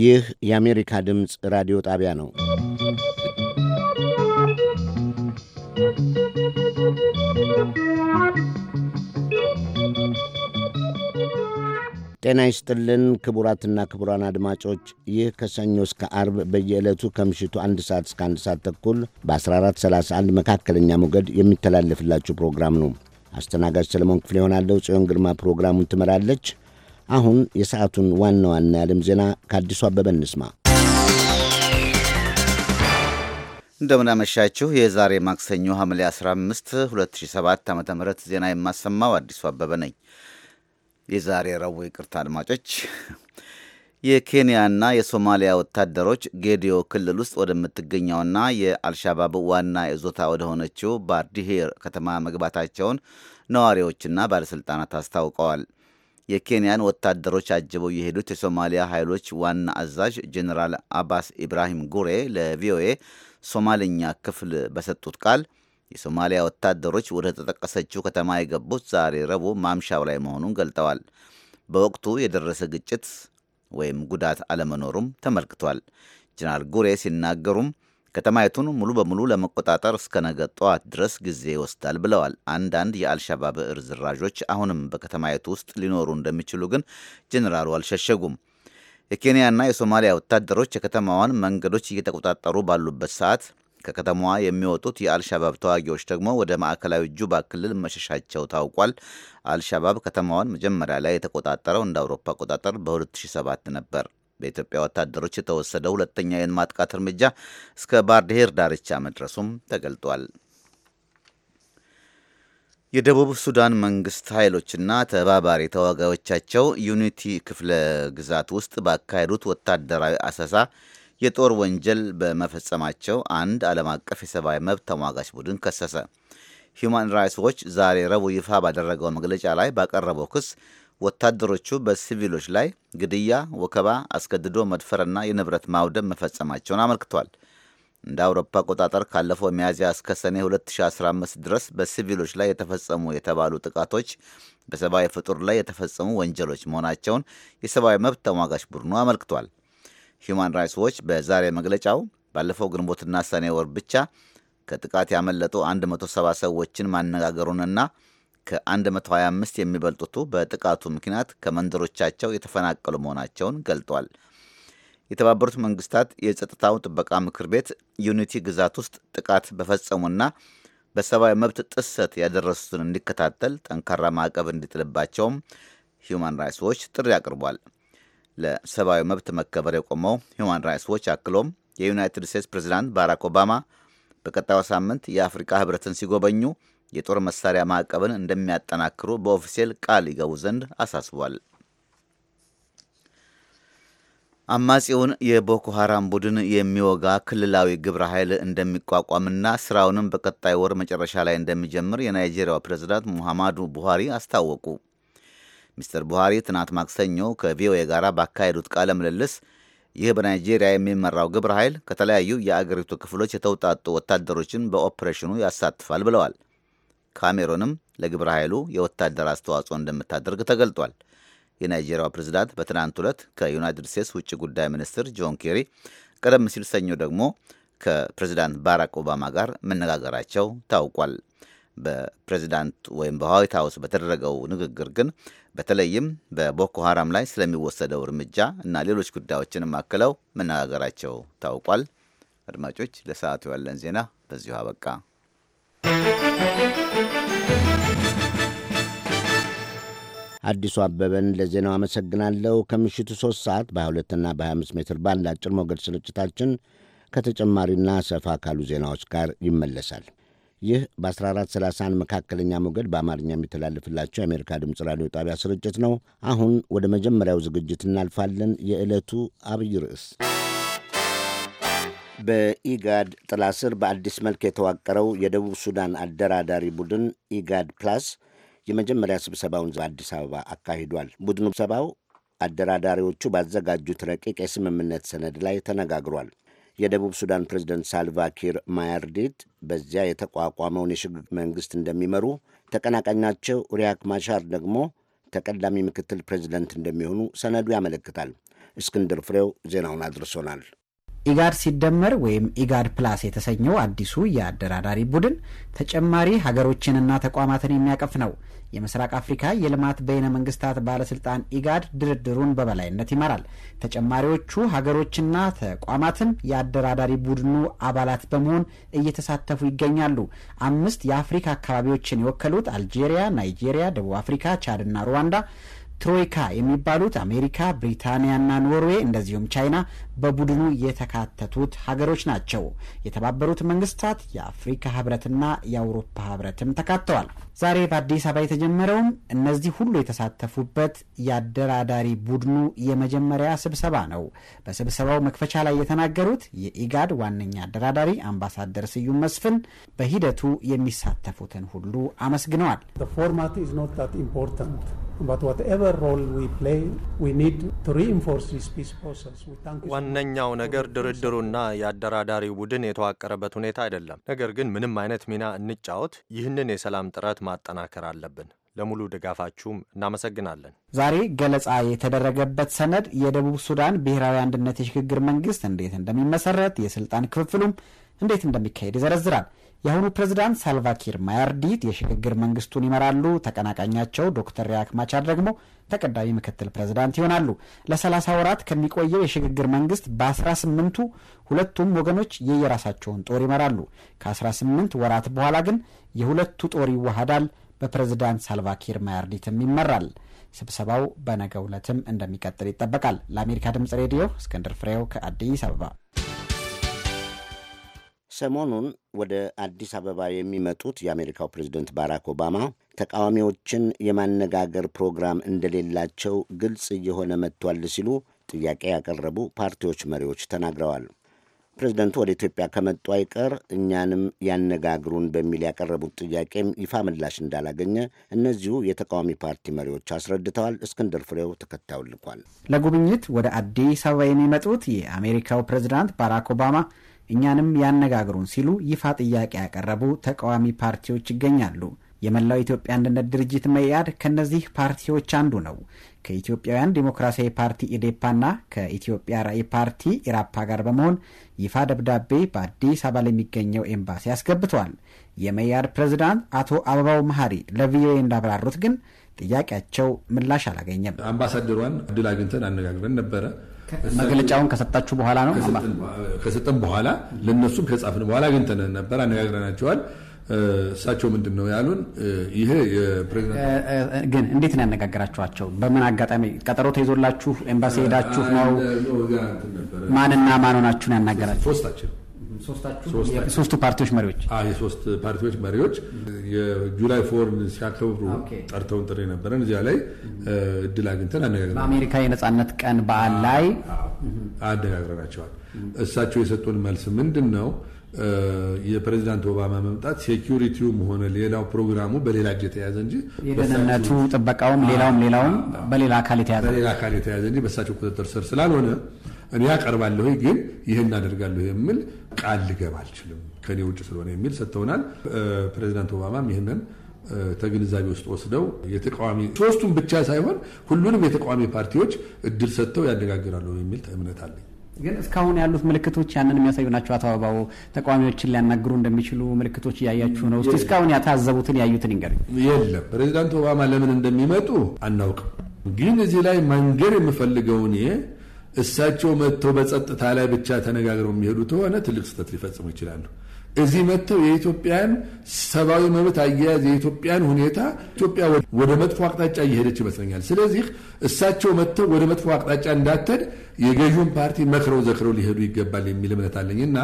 ይህ የአሜሪካ ድምፅ ራዲዮ ጣቢያ ነው። ጤና ይስጥልን ክቡራትና ክቡራን አድማጮች ይህ ከሰኞ እስከ አርብ በየዕለቱ ከምሽቱ አንድ ሰዓት እስከ አንድ ሰዓት ተኩል በ1431 መካከለኛ ሞገድ የሚተላለፍላችሁ ፕሮግራም ነው። አስተናጋጅ ሰለሞን ክፍሌ ይሆናለሁ። ጽዮን ግርማ ፕሮግራሙን ትመራለች። አሁን የሰዓቱን ዋና ዋና የዓለም ዜና ከአዲሱ አበበ እንስማ። እንደምናመሻችሁ የዛሬ ማክሰኞ ሐምሌ 15 2007 ዓ ም ዜና የማሰማው አዲሱ አበበ ነኝ። የዛሬ ረቡዕ ይቅርታ አድማጮች። የኬንያና የሶማሊያ ወታደሮች ጌዲዮ ክልል ውስጥ ወደምትገኘውና የአልሻባብ ዋና ይዞታ ወደሆነችው ባርዲሄር ከተማ መግባታቸውን ነዋሪዎችና ባለሥልጣናት አስታውቀዋል። የኬንያን ወታደሮች አጅበው የሄዱት የሶማሊያ ኃይሎች ዋና አዛዥ ጀኔራል አባስ ኢብራሂም ጉሬ ለቪኦኤ ሶማልኛ ክፍል በሰጡት ቃል የሶማሊያ ወታደሮች ወደ ተጠቀሰችው ከተማ የገቡት ዛሬ ረቡዕ ማምሻው ላይ መሆኑን ገልጠዋል። በወቅቱ የደረሰ ግጭት ወይም ጉዳት አለመኖሩም ተመልክቷል። ጀነራል ጉሬ ሲናገሩም ከተማይቱን ሙሉ በሙሉ ለመቆጣጠር እስከ ነገ ጠዋት ድረስ ጊዜ ይወስዳል ብለዋል። አንዳንድ የአልሻባብ እር ዝራዦች አሁንም በከተማይቱ ውስጥ ሊኖሩ እንደሚችሉ ግን ጄኔራሉ አልሸሸጉም። የኬንያና የሶማሊያ ወታደሮች የከተማዋን መንገዶች እየተቆጣጠሩ ባሉበት ሰዓት ከከተማዋ የሚወጡት የአልሻባብ ተዋጊዎች ደግሞ ወደ ማዕከላዊ ጁባ ክልል መሸሻቸው ታውቋል። አልሻባብ ከተማዋን መጀመሪያ ላይ የተቆጣጠረው እንደ አውሮፓ አቆጣጠር በ2007 ነበር። በኢትዮጵያ ወታደሮች የተወሰደ ሁለተኛ የማጥቃት እርምጃ እስከ ባርድሄር ዳርቻ መድረሱም ተገልጧል። የደቡብ ሱዳን መንግስት ኃይሎችና ተባባሪ ተዋጋዮቻቸው ዩኒቲ ክፍለ ግዛት ውስጥ ባካሄዱት ወታደራዊ አሰሳ የጦር ወንጀል በመፈጸማቸው አንድ ዓለም አቀፍ የሰብአዊ መብት ተሟጋች ቡድን ከሰሰ። ሁማን ራይትስ ዎች ዛሬ ረቡዕ ይፋ ባደረገው መግለጫ ላይ ባቀረበው ክስ ወታደሮቹ በሲቪሎች ላይ ግድያ፣ ወከባ፣ አስገድዶ መድፈርና የንብረት ማውደም መፈጸማቸውን አመልክቷል። እንደ አውሮፓ አቆጣጠር ካለፈው ሚያዝያ እስከ ሰኔ 2015 ድረስ በሲቪሎች ላይ የተፈጸሙ የተባሉ ጥቃቶች በሰብአዊ ፍጡር ላይ የተፈጸሙ ወንጀሎች መሆናቸውን የሰብአዊ መብት ተሟጋች ቡድኑ አመልክቷል። ሂዩማን ራይትስ ዎች በዛሬ መግለጫው ባለፈው ግንቦትና ሰኔ ወር ብቻ ከጥቃት ያመለጡ 170 ሰዎችን ማነጋገሩንና ከ125 የሚበልጡቱ በጥቃቱ ምክንያት ከመንደሮቻቸው የተፈናቀሉ መሆናቸውን ገልጧል። የተባበሩት መንግስታት የጸጥታው ጥበቃ ምክር ቤት ዩኒቲ ግዛት ውስጥ ጥቃት በፈጸሙና በሰብአዊ መብት ጥሰት ያደረሱትን እንዲከታተል ጠንካራ ማዕቀብ እንዲጥልባቸውም ሂውማን ራይትስ ዎች ጥሪ አቅርቧል። ለሰብአዊ መብት መከበር የቆመው ሂውማን ራይትስ ዎች አክሎም የዩናይትድ ስቴትስ ፕሬዚዳንት ባራክ ኦባማ በቀጣዩ ሳምንት የአፍሪካ ህብረትን ሲጎበኙ የጦር መሳሪያ ማዕቀብን እንደሚያጠናክሩ በኦፊሴል ቃል ይገቡ ዘንድ አሳስቧል። አማጺውን የቦኮ ሐራም ቡድን የሚወጋ ክልላዊ ግብረ ኃይል እንደሚቋቋምና ስራውንም በቀጣይ ወር መጨረሻ ላይ እንደሚጀምር የናይጄሪያው ፕሬዝዳንት ሙሐማዱ ቡሃሪ አስታወቁ። ሚስተር ቡሃሪ ትናንት ማክሰኞ ከቪኦኤ ጋር ባካሄዱት ቃለ ምልልስ ይህ በናይጄሪያ የሚመራው ግብረ ኃይል ከተለያዩ የአገሪቱ ክፍሎች የተውጣጡ ወታደሮችን በኦፕሬሽኑ ያሳትፋል ብለዋል። ካሜሮንም ለግብረ ኃይሉ የወታደር አስተዋጽኦ እንደምታደርግ ተገልጧል። የናይጄሪያው ፕሬዝዳንት በትናንት ዕለት ከዩናይትድ ስቴትስ ውጭ ጉዳይ ሚኒስትር ጆን ኬሪ፣ ቀደም ሲል ሰኞ ደግሞ ከፕሬዝዳንት ባራክ ኦባማ ጋር መነጋገራቸው ታውቋል። በፕሬዚዳንት ወይም በዋይት ሀውስ በተደረገው ንግግር ግን በተለይም በቦኮ ሀራም ላይ ስለሚወሰደው እርምጃ እና ሌሎች ጉዳዮችንም አክለው መነጋገራቸው ታውቋል። አድማጮች፣ ለሰዓቱ ያለን ዜና በዚሁ አበቃ። አዲሱ አበበን ለዜናው አመሰግናለሁ። ከምሽቱ 3 ሰዓት በ22ና በ25 ሜትር ባንድ አጭር ሞገድ ስርጭታችን ከተጨማሪና ሰፋ ካሉ ዜናዎች ጋር ይመለሳል። ይህ በ1430 መካከለኛ ሞገድ በአማርኛ የሚተላለፍላቸው የአሜሪካ ድምፅ ራዲዮ ጣቢያ ስርጭት ነው። አሁን ወደ መጀመሪያው ዝግጅት እናልፋለን። የዕለቱ አብይ ርዕስ በኢጋድ ጥላ ስር በአዲስ መልክ የተዋቀረው የደቡብ ሱዳን አደራዳሪ ቡድን ኢጋድ ፕላስ የመጀመሪያ ስብሰባውን በአዲስ አበባ አካሂዷል። ቡድኑ ስብሰባው አደራዳሪዎቹ ባዘጋጁት ረቂቅ የስምምነት ሰነድ ላይ ተነጋግሯል። የደቡብ ሱዳን ፕሬዝደንት ሳልቫኪር ማያርዲት በዚያ የተቋቋመውን የሽግግር መንግሥት እንደሚመሩ፣ ተቀናቃኛቸው ሪያክ ማሻር ደግሞ ተቀዳሚ ምክትል ፕሬዚደንት እንደሚሆኑ ሰነዱ ያመለክታል። እስክንድር ፍሬው ዜናውን አድርሶናል። ኢጋድ ሲደመር ወይም ኢጋድ ፕላስ የተሰኘው አዲሱ የአደራዳሪ ቡድን ተጨማሪ ሀገሮችንና ተቋማትን የሚያቀፍ ነው። የምስራቅ አፍሪካ የልማት በይነ መንግስታት ባለስልጣን ኢጋድ ድርድሩን በበላይነት ይመራል። ተጨማሪዎቹ ሀገሮችና ተቋማትም የአደራዳሪ ቡድኑ አባላት በመሆን እየተሳተፉ ይገኛሉ። አምስት የአፍሪካ አካባቢዎችን የወከሉት አልጄሪያ፣ ናይጄሪያ፣ ደቡብ አፍሪካ፣ ቻድና ሩዋንዳ ትሮይካ የሚባሉት አሜሪካ፣ ብሪታንያና ኖርዌ እንደዚሁም ቻይና በቡድኑ የተካተቱት ሀገሮች ናቸው። የተባበሩት መንግስታት፣ የአፍሪካ ህብረትና የአውሮፓ ህብረትም ተካተዋል። ዛሬ በአዲስ አበባ የተጀመረውም እነዚህ ሁሉ የተሳተፉበት የአደራዳሪ ቡድኑ የመጀመሪያ ስብሰባ ነው። በስብሰባው መክፈቻ ላይ የተናገሩት የኢጋድ ዋነኛ አደራዳሪ አምባሳደር ስዩም መስፍን በሂደቱ የሚሳተፉትን ሁሉ አመስግነዋል። ዋነኛው ነገር ድርድሩና የአደራዳሪ ቡድን የተዋቀረበት ሁኔታ አይደለም። ነገር ግን ምንም አይነት ሚና እንጫወት፣ ይህንን የሰላም ጥረት ማጠናከር አለብን። ለሙሉ ድጋፋችሁም እናመሰግናለን። ዛሬ ገለጻ የተደረገበት ሰነድ የደቡብ ሱዳን ብሔራዊ አንድነት የሽግግር መንግስት እንዴት እንደሚመሰረት፣ የስልጣን ክፍፍሉም እንዴት እንደሚካሄድ ይዘረዝራል። የአሁኑ ፕሬዝዳንት ሳልቫኪር ማያርዲት የሽግግር መንግስቱን ይመራሉ። ተቀናቃኛቸው ዶክተር ሪያክ ማቻር ደግሞ ተቀዳሚ ምክትል ፕሬዝዳንት ይሆናሉ። ለ30 ወራት ከሚቆየው የሽግግር መንግስት በ18ቱ ሁለቱም ወገኖች የየራሳቸውን ጦር ይመራሉ። ከ18 ወራት በኋላ ግን የሁለቱ ጦር ይዋሃዳል፣ በፕሬዝዳንት ሳልቫኪር ማያርዲትም ይመራል። ስብሰባው በነገው ዕለትም እንደሚቀጥል ይጠበቃል። ለአሜሪካ ድምጽ ሬዲዮ እስክንድር ፍሬው ከአዲስ አበባ ሰሞኑን ወደ አዲስ አበባ የሚመጡት የአሜሪካው ፕሬዝደንት ባራክ ኦባማ ተቃዋሚዎችን የማነጋገር ፕሮግራም እንደሌላቸው ግልጽ እየሆነ መጥቷል ሲሉ ጥያቄ ያቀረቡ ፓርቲዎች መሪዎች ተናግረዋል። ፕሬዝደንቱ ወደ ኢትዮጵያ ከመጡ አይቀር እኛንም ያነጋግሩን በሚል ያቀረቡት ጥያቄም ይፋ ምላሽ እንዳላገኘ እነዚሁ የተቃዋሚ ፓርቲ መሪዎች አስረድተዋል። እስክንድር ፍሬው ተከታዩን ልኳል። ለጉብኝት ወደ አዲስ አበባ የሚመጡት የአሜሪካው ፕሬዝዳንት ባራክ ኦባማ እኛንም ያነጋግሩን ሲሉ ይፋ ጥያቄ ያቀረቡ ተቃዋሚ ፓርቲዎች ይገኛሉ። የመላው ኢትዮጵያ አንድነት ድርጅት መኢአድ ከእነዚህ ፓርቲዎች አንዱ ነው። ከኢትዮጵያውያን ዴሞክራሲያዊ ፓርቲ ኢዴፓና ከኢትዮጵያ ራዕይ ፓርቲ ኢራፓ ጋር በመሆን ይፋ ደብዳቤ በአዲስ አበባ ለሚገኘው ኤምባሲ አስገብተዋል። የመኢአድ ፕሬዝዳንት አቶ አበባው መሀሪ ለቪኦኤ እንዳብራሩት ግን ጥያቄያቸው ምላሽ አላገኘም። አምባሳደሯን እድል አግኝተን አነጋግረን ነበረ መግለጫውን ከሰጣችሁ በኋላ ነው ከሰጠን በኋላ ለነሱም ከጻፍን በኋላ አግኝተን ነበር፣ አነጋግረናቸዋል። እሳቸው ምንድን ነው ያሉን? ይሄ ግን እንዴት ነው ያነጋገራችኋቸው? በምን አጋጣሚ? ቀጠሮ ተይዞላችሁ ኤምባሲ ሄዳችሁ ነው? ማንና ማን ሆናችሁን ያናገራችሁ? ሶስታችን ሶስቱ ፓርቲዎች መሪዎች የሶስት ፓርቲዎች መሪዎች የጁላይ ፎርን ሲያከብሩ ጠርተውን ጥሪ ነበረን። እዚያ ላይ እድል አግኝተን አነጋግረናል። በአሜሪካ የነጻነት ቀን በዓል ላይ አነጋግረናቸዋል። እሳቸው የሰጡን መልስ ምንድን ነው? የፕሬዚዳንት ኦባማ መምጣት ሴኪሪቲውም ሆነ ሌላው ፕሮግራሙ በሌላ እጅ የተያዘ እንጂ የደህንነቱ ጥበቃውም ሌላውም ሌላውም በሌላ አካል የተያዘ በሌላ አካል የተያዘ እንጂ በእሳቸው ቁጥጥር ስር ስላልሆነ እኔ አቀርባለሁ ግን ይህን አደርጋለሁ የሚል ቃል ልገባ አልችልም ከኔ ውጭ ስለሆነ የሚል ሰጥተውናል። ፕሬዚዳንት ኦባማም ይህንን ተግንዛቤ ውስጥ ወስደው የተቃዋሚ ሶስቱም ብቻ ሳይሆን ሁሉንም የተቃዋሚ ፓርቲዎች እድል ሰጥተው ያነጋግራሉ የሚል እምነት አለኝ። ግን እስካሁን ያሉት ምልክቶች ያንን የሚያሳዩ ናቸው። አቶ አበባው ተቃዋሚዎችን ሊያናግሩ እንደሚችሉ ምልክቶች እያያችሁ ነው። እስካሁን ያታዘቡትን ያዩትን ይንገር። የለም ፕሬዚዳንት ኦባማ ለምን እንደሚመጡ አናውቅም። ግን እዚህ ላይ መንገር የምፈልገውን እሳቸው መጥተው በጸጥታ ላይ ብቻ ተነጋግረው የሚሄዱ ከሆነ ትልቅ ስህተት ሊፈጽሙ ይችላሉ። እዚህ መጥተው የኢትዮጵያን ሰብአዊ መብት አያያዝ የኢትዮጵያን ሁኔታ ኢትዮጵያ ወደ መጥፎ አቅጣጫ እየሄደች ይመስለኛል። ስለዚህ እሳቸው መጥተው ወደ መጥፎ አቅጣጫ እንዳትሄድ የገዥውን ፓርቲ መክረው ዘክረው ሊሄዱ ይገባል የሚል እምነት አለኝ እና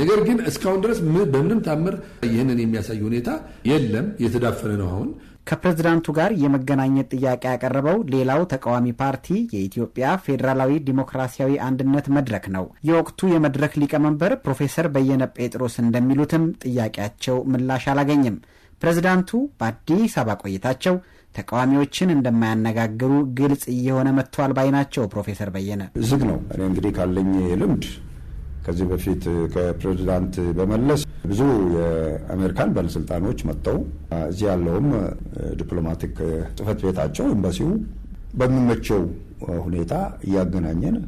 ነገር ግን እስካሁን ድረስ በምንም ታምር ይህንን የሚያሳይ ሁኔታ የለም። የተዳፈነ ነው አሁን ከፕሬዝዳንቱ ጋር የመገናኘት ጥያቄ ያቀረበው ሌላው ተቃዋሚ ፓርቲ የኢትዮጵያ ፌዴራላዊ ዲሞክራሲያዊ አንድነት መድረክ ነው። የወቅቱ የመድረክ ሊቀመንበር ፕሮፌሰር በየነ ጴጥሮስ እንደሚሉትም ጥያቄያቸው ምላሽ አላገኝም። ፕሬዝዳንቱ በአዲስ አበባ ቆይታቸው ተቃዋሚዎችን እንደማያነጋግሩ ግልጽ እየሆነ መጥቷል ባይ ናቸው። ፕሮፌሰር በየነ ዝግ ነው። እኔ እንግዲህ ካለኝ ልምድ ከዚህ በፊት ከፕሬዚዳንት በመለስ ብዙ የአሜሪካን ባለስልጣኖች መጥተው እዚህ ያለውም ዲፕሎማቲክ ጽህፈት ቤታቸው ኤምባሲው በሚመቸው ሁኔታ እያገናኘን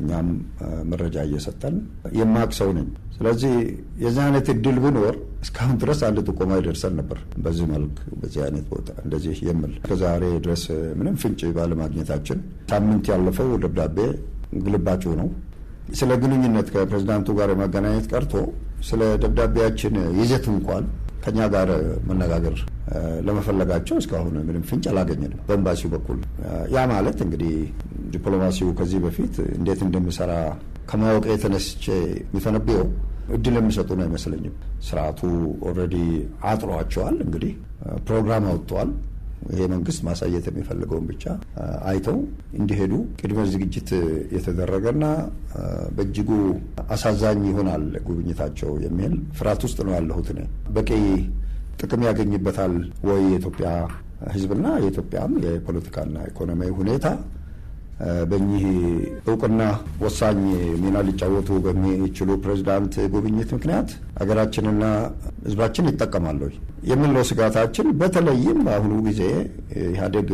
እኛም መረጃ እየሰጠን የማቅ ሰው ነኝ። ስለዚህ የዚህ አይነት እድል ብኖር እስካሁን ድረስ አንድ ጥቆማ ይደርሰን ነበር። በዚህ መልክ በዚህ አይነት ቦታ እንደዚህ የምል ከዛሬ ድረስ ምንም ፍንጭ ባለማግኘታችን ሳምንት ያለፈው ደብዳቤ ግልባጩ ነው። ስለ ግንኙነት ከፕሬዚዳንቱ ጋር የመገናኘት ቀርቶ ስለ ደብዳቤያችን ይዘት እንኳን ከኛ ጋር መነጋገር ለመፈለጋቸው እስካሁን ምንም ፍንጭ አላገኘንም በኤምባሲው በኩል። ያ ማለት እንግዲህ ዲፕሎማሲው ከዚህ በፊት እንዴት እንደሚሰራ ከማወቅ የተነስቼ የሚፈነብየው እድል የሚሰጡ ነው አይመስለኝም። ስርዓቱ ኦልሬዲ አጥሯቸዋል። እንግዲህ ፕሮግራም አውጥተዋል። ይሄ መንግስት ማሳየት የሚፈልገውን ብቻ አይተው እንዲሄዱ ቅድመ ዝግጅት የተደረገና በእጅጉ አሳዛኝ ይሆናል ጉብኝታቸው የሚል ፍርሃት ውስጥ ነው ያለሁት እኔ። በቂ ጥቅም ያገኝበታል ወይ የኢትዮጵያ ህዝብና የኢትዮጵያም የፖለቲካና ኢኮኖሚያዊ ሁኔታ በኚህ እውቅና ወሳኝ ሚና ሊጫወቱ በሚችሉ ፕሬዚዳንት ጉብኝት ምክንያት ሀገራችንና ሕዝባችን ይጠቀማሉ የምንለው ስጋታችን በተለይም በአሁኑ ጊዜ ኢህአዴግ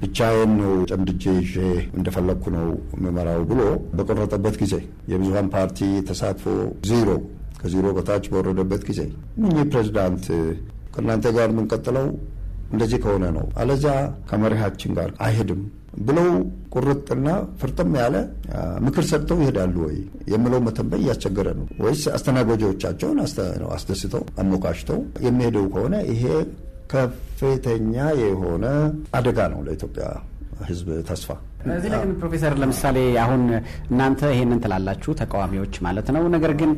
ብቻዬን ነው ጨምድጄ ይዤ እንደፈለግኩ ነው ምመራው ብሎ በቆረጠበት ጊዜ የብዙሀን ፓርቲ ተሳትፎ ዜሮ ከዜሮ በታች በወረደበት ጊዜ እኚህ ፕሬዚዳንት ከእናንተ ጋር የምንቀጥለው እንደዚህ ከሆነ ነው፣ አለዚያ ከመሪሃችን ጋር አይሄድም ብለው ቁርጥና ፍርጥም ያለ ምክር ሰጥተው ይሄዳሉ ወይ የምለው መተንበይ እያስቸገረ ነው። ወይስ አስተናጋጆቻቸውን አስደስተው አሞካሽተው የሚሄደው ከሆነ ይሄ ከፍተኛ የሆነ አደጋ ነው ለኢትዮጵያ ሕዝብ ተስፋ እዚህ ላይ ግን ፕሮፌሰር ለምሳሌ አሁን እናንተ ይሄንን ትላላችሁ ተቃዋሚዎች ማለት ነው። ነገር ግን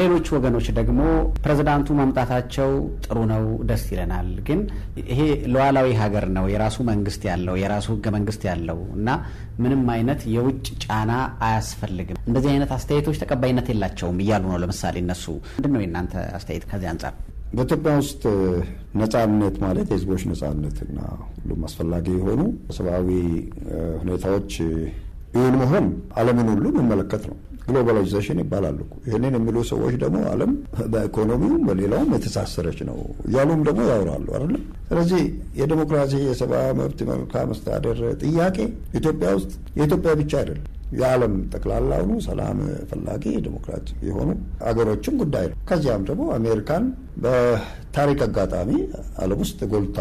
ሌሎች ወገኖች ደግሞ ፕሬዝዳንቱ መምጣታቸው ጥሩ ነው፣ ደስ ይለናል። ግን ይሄ ሉዓላዊ ሀገር ነው፣ የራሱ መንግስት ያለው የራሱ ህገ መንግስት ያለው እና ምንም አይነት የውጭ ጫና አያስፈልግም፣ እንደዚህ አይነት አስተያየቶች ተቀባይነት የላቸውም እያሉ ነው። ለምሳሌ እነሱ ምንድን ነው የእናንተ አስተያየት ከዚህ አንጻር? በኢትዮጵያ ውስጥ ነጻነት ማለት የህዝቦች ነጻነትና ሁሉም አስፈላጊ የሆኑ ሰብአዊ ሁኔታዎች ይሁን መሆን ዓለምን ሁሉ የሚመለከት ነው። ግሎባላይዜሽን ይባላሉ ይህንን የሚሉ ሰዎች ደግሞ ዓለም በኢኮኖሚውም በሌላውም የተሳሰረች ነው እያሉም ደግሞ ያወራሉ አይደለም። ስለዚህ የዴሞክራሲ የሰብአዊ መብት መልካም መስተዳደር ጥያቄ ኢትዮጵያ ውስጥ የኢትዮጵያ ብቻ አይደለም የዓለም ሆኑ ሰላም ፈላጊ ዲሞክራት የሆኑ አገሮችም ጉዳይ ነው። ከዚያም ደግሞ አሜሪካን በታሪክ አጋጣሚ ዓለም ውስጥ ጎልታ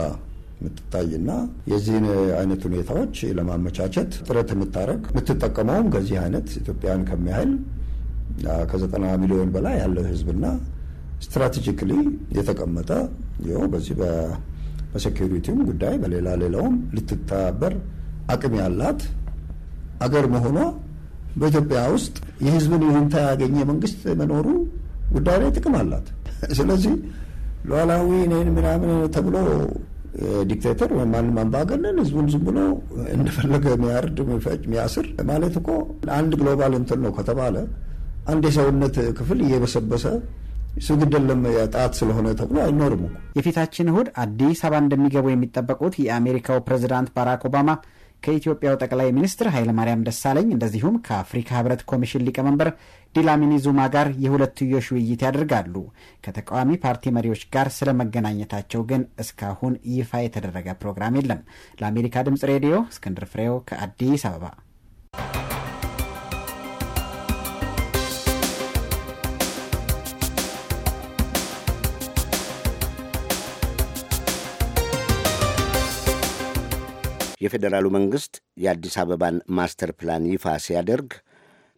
የምትታይና የዚህን አይነት ሁኔታዎች ለማመቻቸት ጥረት የምታደረግ የምትጠቀመውም ከዚህ አይነት ኢትዮጵያን ከሚያህል ከዘጠና ሚሊዮን በላይ ያለው ህዝብና ስትራቴጂካሊ የተቀመጠ ይኸው በዚህ በሴኪሪቲውም ጉዳይ በሌላ ሌላውም ልትተባበር አቅም ያላት አገር መሆኗ በኢትዮጵያ ውስጥ የህዝብን ይሁንታ ያገኘ መንግስት መኖሩ ጉዳይ ላይ ጥቅም አላት። ስለዚህ ሉዓላዊ ምናምን ተብሎ ዲክቴተር ወይም ማንም አምባገነን ህዝቡን ዝም ብሎ እንደፈለገ የሚያርድ ሚፈጭ ሚያስር ማለት እኮ አንድ ግሎባል እንትን ነው ከተባለ አንድ የሰውነት ክፍል እየበሰበሰ ስግደለም ጣት ስለሆነ ተብሎ አይኖርም የፊታችን እሁድ አዲስ አበባ እንደሚገቡ የሚጠበቁት የአሜሪካው ፕሬዚዳንት ባራክ ኦባማ ከኢትዮጵያው ጠቅላይ ሚኒስትር ኃይለማርያም ደሳለኝ እንደዚሁም ከአፍሪካ ህብረት ኮሚሽን ሊቀመንበር ዲላሚኒ ዙማ ጋር የሁለትዮሽ ውይይት ያደርጋሉ። ከተቃዋሚ ፓርቲ መሪዎች ጋር ስለ መገናኘታቸው ግን እስካሁን ይፋ የተደረገ ፕሮግራም የለም። ለአሜሪካ ድምጽ ሬዲዮ እስክንድር ፍሬው ከአዲስ አበባ። የፌዴራሉ መንግሥት የአዲስ አበባን ማስተር ፕላን ይፋ ሲያደርግ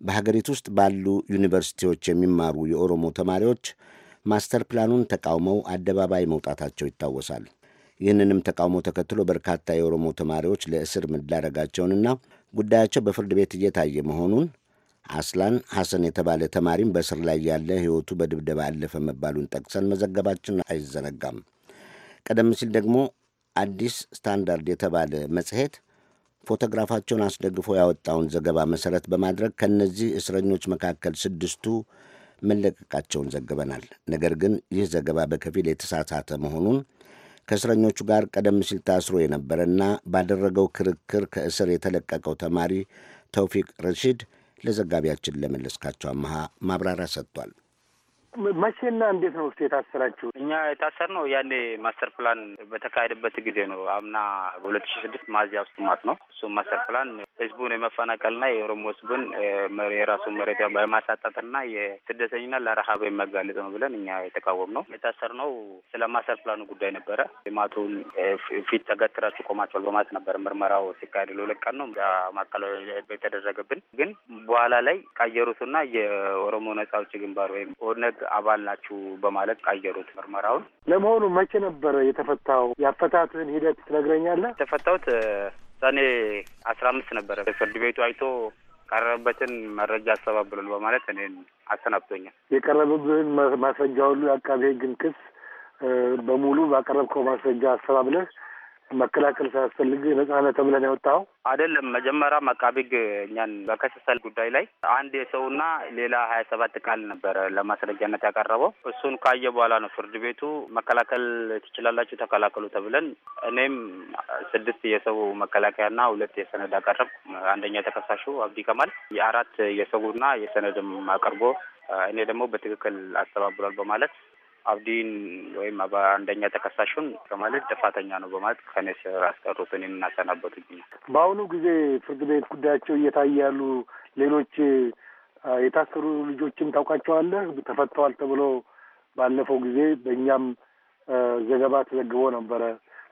በሀገሪቱ ውስጥ ባሉ ዩኒቨርሲቲዎች የሚማሩ የኦሮሞ ተማሪዎች ማስተር ፕላኑን ተቃውመው አደባባይ መውጣታቸው ይታወሳል። ይህንንም ተቃውሞ ተከትሎ በርካታ የኦሮሞ ተማሪዎች ለእስር መዳረጋቸውንና ጉዳያቸው በፍርድ ቤት እየታየ መሆኑን አስላን ሐሰን የተባለ ተማሪም በእስር ላይ ያለ ሕይወቱ በድብደባ አለፈ መባሉን ጠቅሰን መዘገባችን አይዘነጋም። ቀደም ሲል ደግሞ አዲስ ስታንዳርድ የተባለ መጽሔት ፎቶግራፋቸውን አስደግፎ ያወጣውን ዘገባ መሠረት በማድረግ ከእነዚህ እስረኞች መካከል ስድስቱ መለቀቃቸውን ዘግበናል። ነገር ግን ይህ ዘገባ በከፊል የተሳሳተ መሆኑን ከእስረኞቹ ጋር ቀደም ሲል ታስሮ የነበረና ባደረገው ክርክር ከእስር የተለቀቀው ተማሪ ተውፊቅ ረሺድ ለዘጋቢያችን ለመለስካቸው አመሃ ማብራሪያ ሰጥቷል። መቼና እንዴት ነው ውስጥ የታሰራችሁ? እኛ የታሰርነው ያኔ ማስተር ፕላን በተካሄደበት ጊዜ ነው። አምና በሁለት ሺ ስድስት ማዚያ ውስጥ ማለት ነው። እሱም ማስተር ፕላን ህዝቡን የመፈናቀልና የኦሮሞ ህዝቡን የራሱን መሬት በማሳጣትና የስደተኝና ለረሀብ የመጋለጥ ነው ብለን እኛ የተቃወም ነው። የታሰርነው ስለ ማስተር ፕላኑ ጉዳይ ነበረ። ልማቱን ፊት ተገትራችሁ ቆማችኋል በማለት ነበረ ምርመራው ሲካሄድ ልውለቀን ነው ማዕከላዊ የተደረገብን። ግን በኋላ ላይ ቀየሩትና የኦሮሞ ነጻ አውጪ ግንባር ወይም ኦነግ አባል ናችሁ በማለት ቀየሩት ምርመራውን። ለመሆኑ መቼ ነበረ የተፈታው? የአፈታትን ሂደት ትነግረኛለህ? የተፈታሁት ሰኔ አስራ አምስት ነበረ። ፍርድ ቤቱ አይቶ ቀረበበትን መረጃ አስተባብሉን በማለት እኔን አሰናብቶኛል። የቀረበብህን ማስረጃ ሁሉ የአቃቤ ሕግን ክስ በሙሉ ባቀረብከው ማስረጃ አስተባብለህ መከላከል ሳያስፈልግ ነጻነ ተብለን ያወጣው አይደለም። መጀመሪያ አቃቤ ሕግ እኛን በከሰሰል ጉዳይ ላይ አንድ የሰውና ሌላ ሀያ ሰባት ቃል ነበረ ለማስረጃነት ያቀረበው። እሱን ካየ በኋላ ነው ፍርድ ቤቱ መከላከል ትችላላችሁ ተከላከሉ ተብለን እኔም ስድስት የሰው መከላከያና ሁለት የሰነድ አቀረብኩ። አንደኛ ተከሳሹ አብዲ ከማል የአራት የሰውና የሰነድም አቅርቦ እኔ ደግሞ በትክክል አስተባብሏል በማለት አብዲን ወይም አንደኛ ተከሳሹን በማለት ጥፋተኛ ነው በማለት ከኔ ስር አስቀሩት፣ እኔን በአሁኑ ጊዜ ፍርድ ቤት ጉዳያቸው እየታየ ያሉ ሌሎች የታሰሩ ልጆችም ታውቃቸዋለህ? ተፈተዋል ተብሎ ባለፈው ጊዜ በእኛም ዘገባ ተዘግቦ ነበረ።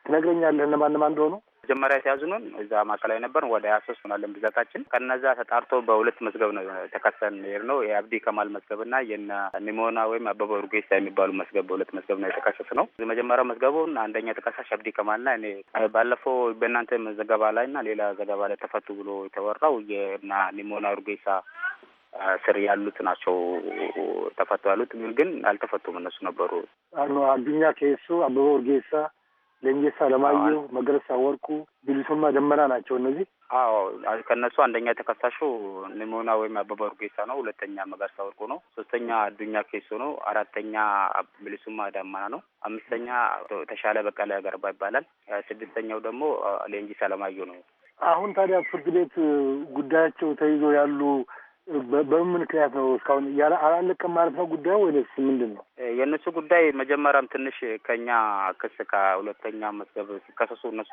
ትነግረኛለህ እነማን ማን እንደሆኑ? መጀመሪያ የተያዙንን እዛ ማዕከላዊ ነበር። ወደ ሀያ ሶስት ሆናለን ብዛታችን። ከነዛ ተጣርቶ በሁለት መዝገብ ነው የተከሰን ሄድ ነው የአብዲ ከማል መዝገብ እና የነ ኒሞና ወይም አበበ ሩጌሳ የሚባሉ መዝገብ በሁለት መዝገብ ነው የተከሰስ ነው። መጀመሪያው መዝገቡን አንደኛ ተከሳሽ አብዲ ከማል ና እኔ ባለፈው በእናንተ ዘገባ ላይ ና ሌላ ዘገባ ላይ ተፈቱ ብሎ የተወራው የና ኒሞና ሩጌሳ ስር ያሉት ናቸው ተፈቱ ያሉት፣ ግን አልተፈቱም። እነሱ ነበሩ አብዲኛ ኬሱ አበበ ሩጌሳ ለእንጌሳ ለማየሁ፣ መገረሳ ወርቁ፣ ቢሊሱማ ደመና ናቸው እነዚህ። አዎ ከእነሱ አንደኛ ተከሳሹ ንሞና ወይም አበበ ሩጌሳ ነው። ሁለተኛ መገርሳ ወርቁ ነው። ሶስተኛ አዱኛ ኬሶ ነው። አራተኛ ቢሊሱማ ደመና ነው። አምስተኛ ተሻለ በቀለ ገርባ ይባላል። ስድስተኛው ደግሞ ለእንጌሳ ለማየሁ ነው። አሁን ታዲያ ፍርድ ቤት ጉዳያቸው ተይዞ ያሉ በምን ምክንያት ነው እስካሁን አላለቀም ማለት ነው ጉዳዩ ወይስ ምንድን ነው? የእነሱ ጉዳይ መጀመሪያም ትንሽ ከኛ ክስ ከሁለተኛ መዝገብ ሲከሰሱ እነሱ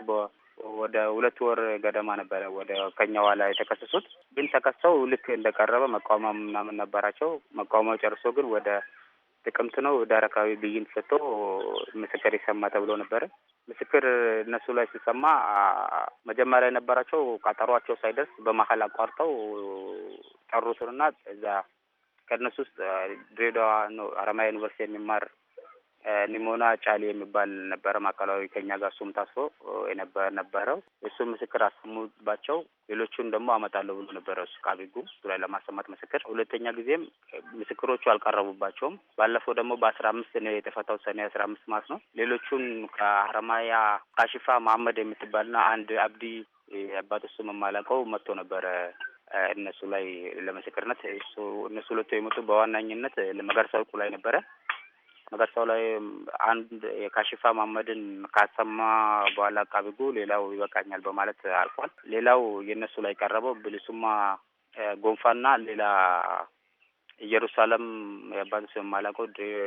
ወደ ሁለት ወር ገደማ ነበረ ወደ ከኛ ኋላ የተከሰሱት። ግን ተከሰው ልክ እንደቀረበ መቃወሚያ ምናምን ነበራቸው። መቃወሚያው ጨርሶ ግን ወደ ጥቅምት ነው ዳረካዊ ብይን ሰጥቶ ምስክር ይሰማ ተብሎ ነበረ። ምስክር እነሱ ላይ ሲሰማ መጀመሪያ የነበራቸው ቀጠሯቸው ሳይደርስ በመሀል አቋርጠው ጨርሱንና እዛ ከእነሱ ውስጥ ድሬዳዋ አረማያ ዩኒቨርሲቲ የሚማር ኒሞና ጫሊ የሚባል ነበረ ማዕከላዊ ከኛ ጋር እሱም ታስሮ ነበረው። እሱ ምስክር አሰሙባቸው። ሌሎቹን ደግሞ አመጣለሁ ብሎ ነበረ እሱ ቃቢጉ እሱ ላይ ለማሰማት ምስክር። ሁለተኛ ጊዜም ምስክሮቹ አልቀረቡባቸውም። ባለፈው ደግሞ በአስራ አምስት ነው የተፈታው ሰኔ አስራ አምስት ማለት ነው። ሌሎቹን ከአረማያ ካሽፋ መሀመድ የምትባልና አንድ አብዲ አባት እሱ መማላቀው መጥቶ ነበረ እነሱ ላይ ለምስክርነት እሱ እነሱ ሁለቱ የሞቱ በዋናኝነት መገርሳ ሐይቁ ላይ ነበረ። መገርሳው ላይ አንድ የካሽፋ ማመድን ካሰማ በኋላ አቃቢ ሕጉ ሌላው ይበቃኛል በማለት አልፏል። ሌላው የእነሱ ላይ ቀረበው ብልሱማ ጎንፋና ሌላ ኢየሩሳሌም የአባቱ ስም ማላውቀው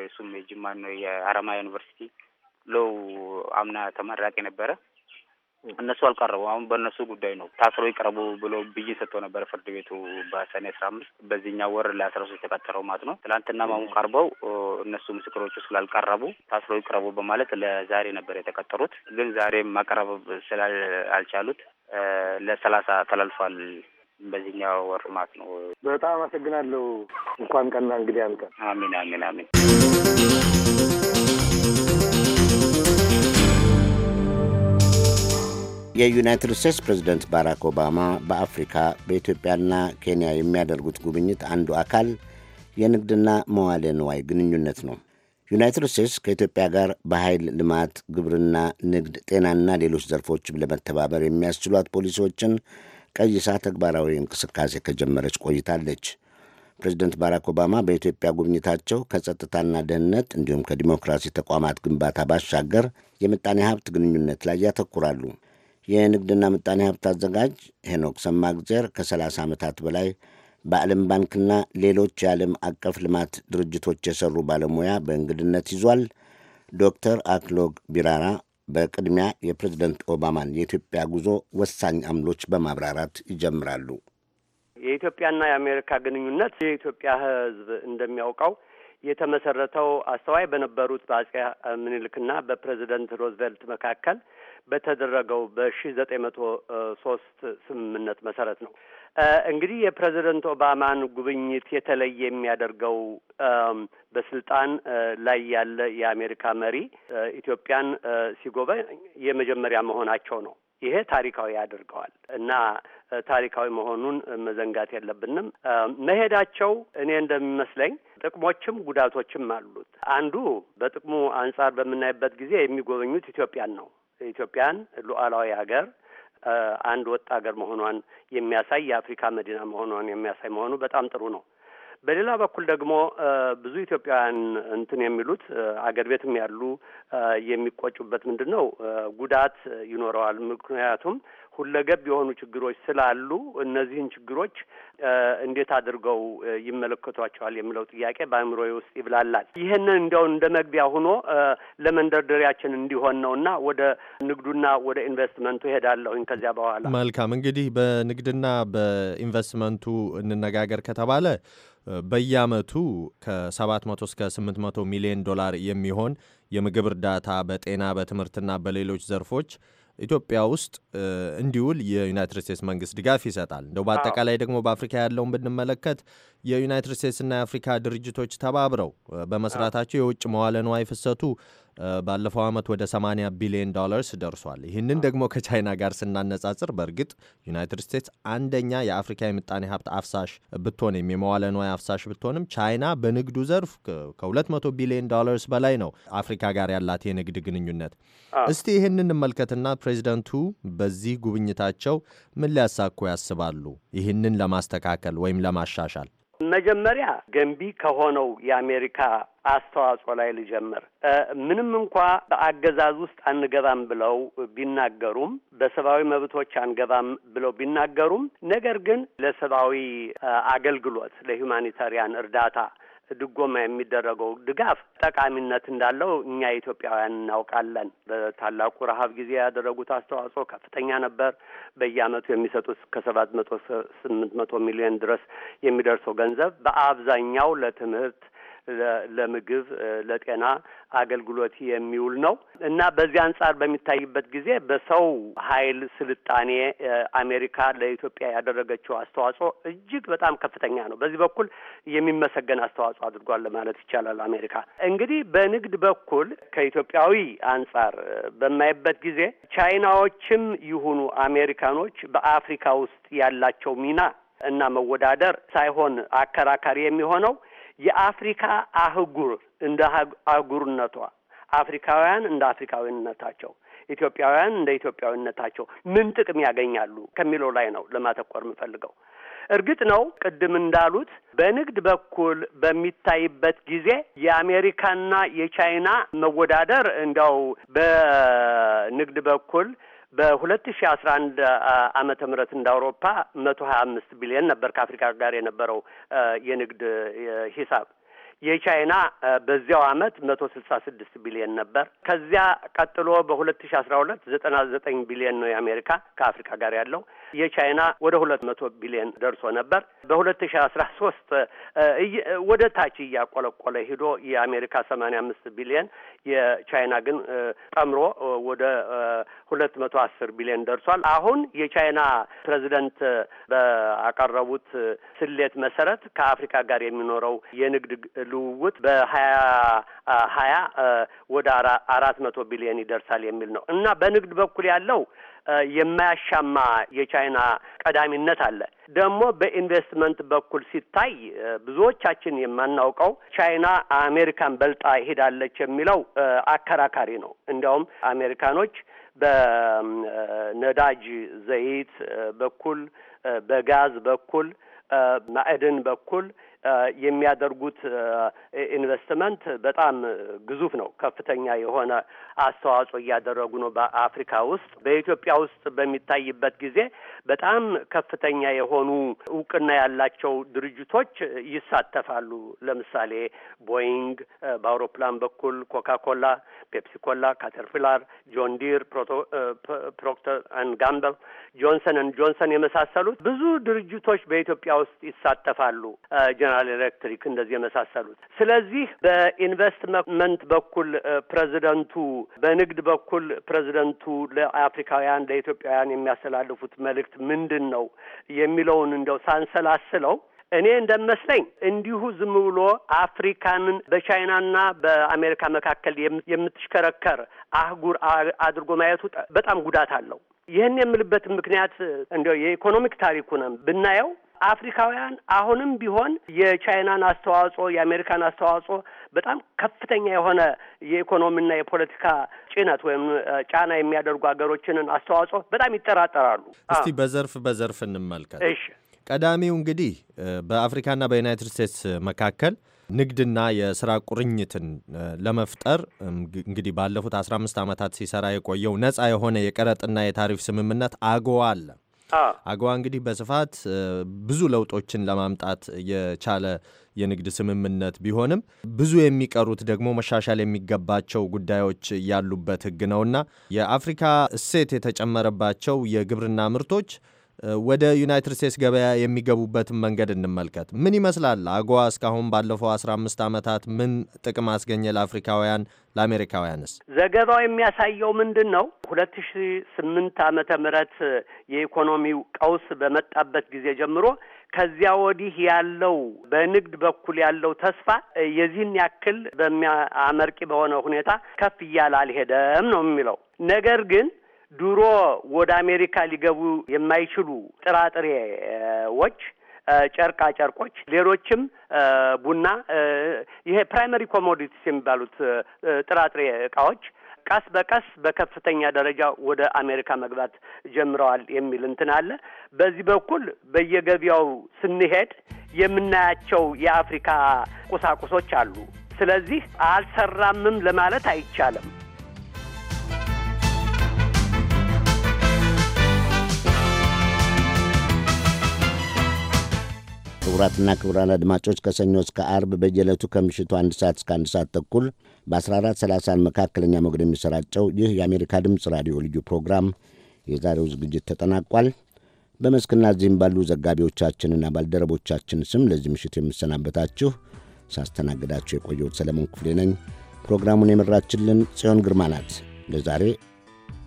እሱም የጅማ ነው የሀረማያ ዩኒቨርሲቲ ለው አምና ተመራቂ ነበረ። እነሱ አልቀረቡም። አሁን በእነሱ ጉዳይ ነው። ታስሮ ይቀረቡ ብሎ ብይን ሰጥቶ ነበር ፍርድ ቤቱ በሰኔ አስራ አምስት በዚህኛው ወር ለአስራ ሶስት የተቀጠረው ማለት ነው። ትላንትና ማሙን ቀርበው እነሱ ምስክሮቹ ስላልቀረቡ ታስሮ ይቀረቡ በማለት ለዛሬ ነበር የተቀጠሩት። ግን ዛሬ ማቅረብ ስላልቻሉት ለሰላሳ ተላልፏል። በዚህኛው ወር ማለት ነው። በጣም አመሰግናለሁ። እንኳን ቀና እንግዲህ አንተ አሚን አሚን አሚን የዩናይትድ ስቴትስ ፕሬዝደንት ባራክ ኦባማ በአፍሪካ በኢትዮጵያና ኬንያ የሚያደርጉት ጉብኝት አንዱ አካል የንግድና መዋለ ንዋይ ግንኙነት ነው። ዩናይትድ ስቴትስ ከኢትዮጵያ ጋር በኃይል ልማት፣ ግብርና፣ ንግድ፣ ጤናና ሌሎች ዘርፎችም ለመተባበር የሚያስችሏት ፖሊሲዎችን ቀይሳ ተግባራዊ እንቅስቃሴ ከጀመረች ቆይታለች። ፕሬዚደንት ባራክ ኦባማ በኢትዮጵያ ጉብኝታቸው ከጸጥታና ደህንነት እንዲሁም ከዲሞክራሲ ተቋማት ግንባታ ባሻገር የምጣኔ ሀብት ግንኙነት ላይ ያተኩራሉ። የንግድና ምጣኔ ሀብት አዘጋጅ ሄኖክ ሰማግዜር ከ30 ዓመታት በላይ በዓለም ባንክና ሌሎች የዓለም አቀፍ ልማት ድርጅቶች የሰሩ ባለሙያ በእንግድነት ይዟል። ዶክተር አክሎግ ቢራራ በቅድሚያ የፕሬዝደንት ኦባማን የኢትዮጵያ ጉዞ ወሳኝ አምሎች በማብራራት ይጀምራሉ። የኢትዮጵያና የአሜሪካ ግንኙነት የኢትዮጵያ ሕዝብ እንደሚያውቀው የተመሰረተው አስተዋይ በነበሩት በአጼ ምኒልክና በፕሬዝደንት ሮዝቬልት መካከል በተደረገው በሺ ዘጠኝ መቶ ሶስት ስምምነት መሰረት ነው። እንግዲህ የፕሬዚደንት ኦባማን ጉብኝት የተለየ የሚያደርገው በስልጣን ላይ ያለ የአሜሪካ መሪ ኢትዮጵያን ሲጎበኝ የመጀመሪያ መሆናቸው ነው። ይሄ ታሪካዊ ያደርገዋል እና ታሪካዊ መሆኑን መዘንጋት የለብንም። መሄዳቸው እኔ እንደሚመስለኝ ጥቅሞችም ጉዳቶችም አሉት። አንዱ በጥቅሙ አንጻር በምናይበት ጊዜ የሚጎበኙት ኢትዮጵያን ነው። ኢትዮጵያን ሉዓላዊ ሀገር አንድ ወጥ ሀገር መሆኗን የሚያሳይ የአፍሪካ መዲና መሆኗን የሚያሳይ መሆኑ በጣም ጥሩ ነው። በሌላ በኩል ደግሞ ብዙ ኢትዮጵያውያን እንትን የሚሉት አገር ቤትም ያሉ የሚቆጩበት ምንድን ነው ጉዳት ይኖረዋል። ምክንያቱም ሁለገብ የሆኑ ችግሮች ስላሉ እነዚህን ችግሮች እንዴት አድርገው ይመለከቷቸዋል የሚለው ጥያቄ በአእምሮ ውስጥ ይብላላል። ይህንን እንዲያው እንደ መግቢያ ሆኖ ለመንደርደሪያችን እንዲሆን ነውና ወደ ንግዱና ወደ ኢንቨስትመንቱ ይሄዳለሁኝ ከዚያ በኋላ መልካም እንግዲህ በንግድና በኢንቨስትመንቱ እንነጋገር ከተባለ በየአመቱ ከ700 እስከ 800 ሚሊዮን ዶላር የሚሆን የምግብ እርዳታ በጤና በትምህርትና በሌሎች ዘርፎች ኢትዮጵያ ውስጥ እንዲውል የዩናይትድ ስቴትስ መንግስት ድጋፍ ይሰጣል። እንደው በአጠቃላይ ደግሞ በአፍሪካ ያለውን ብንመለከት የዩናይትድ ስቴትስና የአፍሪካ ድርጅቶች ተባብረው በመስራታቸው የውጭ መዋለ ንዋይ ፍሰቱ ባለፈው ዓመት ወደ 80 ቢሊዮን ዶላርስ ደርሷል። ይህንን ደግሞ ከቻይና ጋር ስናነጻጽር በእርግጥ ዩናይትድ ስቴትስ አንደኛ የአፍሪካ የምጣኔ ሀብት አፍሳሽ ብትሆን የመዋለ ንዋይ አፍሳሽ ብትሆንም ቻይና በንግዱ ዘርፍ ከ200 ቢሊዮን ዶላርስ በላይ ነው አፍሪካ ጋር ያላት የንግድ ግንኙነት። እስቲ ይህን እንመልከትና ፕሬዚደንቱ በዚህ ጉብኝታቸው ምን ሊያሳኩ ያስባሉ? ይህንን ለማስተካከል ወይም ለማሻሻል መጀመሪያ ገንቢ ከሆነው የአሜሪካ አስተዋጽኦ ላይ ልጀምር። ምንም እንኳ በአገዛዝ ውስጥ አንገባም ብለው ቢናገሩም በሰብአዊ መብቶች አንገባም ብለው ቢናገሩም ነገር ግን ለሰብአዊ አገልግሎት ለሁማኒታሪያን እርዳታ ድጎማ የሚደረገው ድጋፍ ጠቃሚነት እንዳለው እኛ ኢትዮጵያውያን እናውቃለን። በታላቁ ረሀብ ጊዜ ያደረጉት አስተዋጽኦ ከፍተኛ ነበር። በየአመቱ የሚሰጡት እስከ ሰባት መቶ ስምንት መቶ ሚሊዮን ድረስ የሚደርሰው ገንዘብ በአብዛኛው ለትምህርት ለምግብ፣ ለጤና አገልግሎት የሚውል ነው እና በዚህ አንጻር በሚታይበት ጊዜ በሰው ኃይል ስልጣኔ አሜሪካ ለኢትዮጵያ ያደረገችው አስተዋጽኦ እጅግ በጣም ከፍተኛ ነው። በዚህ በኩል የሚመሰገን አስተዋጽኦ አድርጓል ለማለት ይቻላል። አሜሪካ እንግዲህ በንግድ በኩል ከኢትዮጵያዊ አንጻር በማይበት ጊዜ ቻይናዎችም ይሁኑ አሜሪካኖች በአፍሪካ ውስጥ ያላቸው ሚና እና መወዳደር ሳይሆን አከራካሪ የሚሆነው የአፍሪካ አህጉር እንደ አህጉርነቷ፣ አፍሪካውያን እንደ አፍሪካዊነታቸው፣ ኢትዮጵያውያን እንደ ኢትዮጵያዊነታቸው ምን ጥቅም ያገኛሉ ከሚለው ላይ ነው ለማተኮር የምፈልገው። እርግጥ ነው ቅድም እንዳሉት በንግድ በኩል በሚታይበት ጊዜ የአሜሪካና የቻይና መወዳደር እንዲያው በንግድ በኩል በሁለት ሺ አስራ አንድ አመተ ምህረት እንደ አውሮፓ መቶ ሀያ አምስት ቢሊየን ነበር ከአፍሪካ ጋር የነበረው የንግድ ሂሳብ የቻይና በዚያው አመት መቶ ስልሳ ስድስት ቢሊየን ነበር። ከዚያ ቀጥሎ በሁለት ሺ አስራ ሁለት ዘጠና ዘጠኝ ቢሊየን ነው የአሜሪካ ከአፍሪካ ጋር ያለው። የቻይና ወደ ሁለት መቶ ቢሊየን ደርሶ ነበር። በሁለት ሺ አስራ ሶስት ወደ ታች እያቆለቆለ ሂዶ የአሜሪካ ሰማንያ አምስት ቢሊየን የቻይና ግን ጠምሮ ወደ ሁለት መቶ አስር ቢሊየን ደርሷል። አሁን የቻይና ፕሬዚደንት በአቀረቡት ስሌት መሰረት ከአፍሪካ ጋር የሚኖረው የንግድ ልውውጥ በሀያ ሀያ ወደ አራት መቶ ቢሊዮን ይደርሳል የሚል ነው እና በንግድ በኩል ያለው የማያሻማ የቻይና ቀዳሚነት አለ። ደግሞ በኢንቨስትመንት በኩል ሲታይ ብዙዎቻችን የማናውቀው ቻይና አሜሪካን በልጣ ሄዳለች የሚለው አከራካሪ ነው። እንዲያውም አሜሪካኖች በነዳጅ ዘይት በኩል በጋዝ በኩል ማዕድን በኩል የሚያደርጉት ኢንቨስትመንት በጣም ግዙፍ ነው። ከፍተኛ የሆነ አስተዋጽኦ እያደረጉ ነው በአፍሪካ ውስጥ። በኢትዮጵያ ውስጥ በሚታይበት ጊዜ በጣም ከፍተኛ የሆኑ እውቅና ያላቸው ድርጅቶች ይሳተፋሉ። ለምሳሌ ቦይንግ በአውሮፕላን በኩል ኮካ ኮላ፣ ፔፕሲ ኮላ፣ ካተርፒላር፣ ጆን ዲር፣ ፕሮክተር አንድ ጋምበል፣ ጆንሰን አንድ ጆንሰን የመሳሰሉት ብዙ ድርጅቶች በኢትዮጵያ ውስጥ ይሳተፋሉ። ጀነራል ኤሌክትሪክ እንደዚህ የመሳሰሉት። ስለዚህ በኢንቨስትመንት በኩል ፕሬዚደንቱ፣ በንግድ በኩል ፕሬዚደንቱ ለአፍሪካውያን ለኢትዮጵያውያን የሚያስተላልፉት መልእክት ምንድን ነው የሚለውን እንደው ሳንሰላስለው እኔ እንደመስለኝ እንዲሁ ዝም ብሎ አፍሪካንን በቻይናና በአሜሪካ መካከል የምትሽከረከር አህጉር አድርጎ ማየቱ በጣም ጉዳት አለው። ይህን የምልበት ምክንያት እንዲያው የኢኮኖሚክ ታሪኩንም ብናየው አፍሪካውያን አሁንም ቢሆን የቻይናን አስተዋጽኦ የአሜሪካን አስተዋጽኦ በጣም ከፍተኛ የሆነ የኢኮኖሚና የፖለቲካ ጭነት ወይም ጫና የሚያደርጉ ሀገሮችንን አስተዋጽኦ በጣም ይጠራጠራሉ። እስቲ በዘርፍ በዘርፍ እንመልከት። እሺ፣ ቀዳሚው እንግዲህ በአፍሪካና በዩናይትድ ስቴትስ መካከል ንግድና የስራ ቁርኝትን ለመፍጠር እንግዲህ ባለፉት አስራ አምስት ዓመታት ሲሰራ የቆየው ነጻ የሆነ የቀረጥና የታሪፍ ስምምነት አጎዋ አለ። አገዋ እንግዲህ በስፋት ብዙ ለውጦችን ለማምጣት የቻለ የንግድ ስምምነት ቢሆንም ብዙ የሚቀሩት ደግሞ መሻሻል የሚገባቸው ጉዳዮች ያሉበት ህግ ነውና የአፍሪካ እሴት የተጨመረባቸው የግብርና ምርቶች ወደ ዩናይትድ ስቴትስ ገበያ የሚገቡበትን መንገድ እንመልከት። ምን ይመስላል? አጎዋ እስካሁን ባለፈው 15 ዓመታት ምን ጥቅም አስገኘ ለአፍሪካውያን ለአሜሪካውያንስ? ዘገባው የሚያሳየው ምንድን ነው? ሁለት ዓመተ ምህረት የኢኮኖሚው ቀውስ በመጣበት ጊዜ ጀምሮ ከዚያ ወዲህ ያለው በንግድ በኩል ያለው ተስፋ የዚህን ያክል በሚያመርቂ በሆነ ሁኔታ ከፍ እያለ አልሄደም ነው የሚለው ነገር ግን ድሮ ወደ አሜሪካ ሊገቡ የማይችሉ ጥራጥሬዎች፣ ጨርቃ ጨርቆች፣ ሌሎችም ቡና፣ ይሄ ፕራይመሪ ኮሞዲቲስ የሚባሉት ጥራጥሬ እቃዎች ቀስ በቀስ በከፍተኛ ደረጃ ወደ አሜሪካ መግባት ጀምረዋል የሚል እንትን አለ። በዚህ በኩል በየገበያው ስንሄድ የምናያቸው የአፍሪካ ቁሳቁሶች አሉ። ስለዚህ አልሰራምም ለማለት አይቻልም። ክቡራትና ክቡራን አድማጮች ከሰኞ እስከ አርብ በየዕለቱ ከምሽቱ አንድ ሰዓት እስከ አንድ ሰዓት ተኩል በ1430 መካከለኛ ሞገድ የሚሰራጨው ይህ የአሜሪካ ድምፅ ራዲዮ ልዩ ፕሮግራም የዛሬው ዝግጅት ተጠናቋል። በመስክና እዚህም ባሉ ዘጋቢዎቻችንና ባልደረቦቻችን ስም ለዚህ ምሽት የምሰናበታችሁ ሳስተናግዳችሁ የቆየሁት ሰለሞን ክፍሌ ነኝ። ፕሮግራሙን የመራችልን ጽዮን ግርማ ናት። ለዛሬ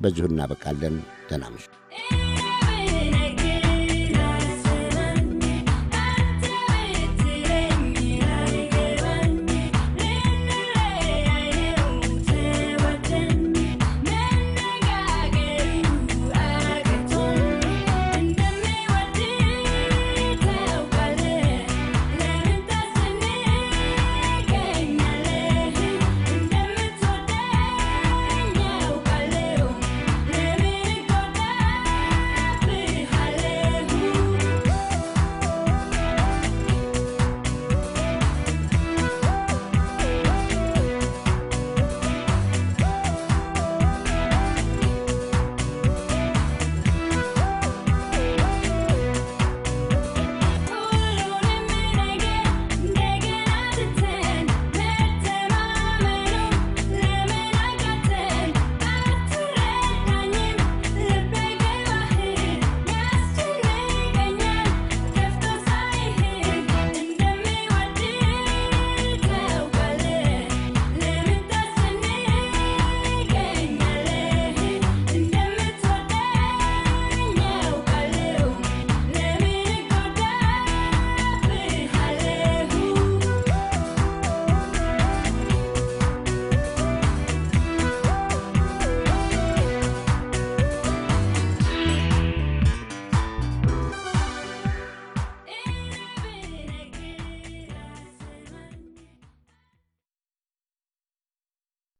በዚሁ እናበቃለን። ደህና ምሽት።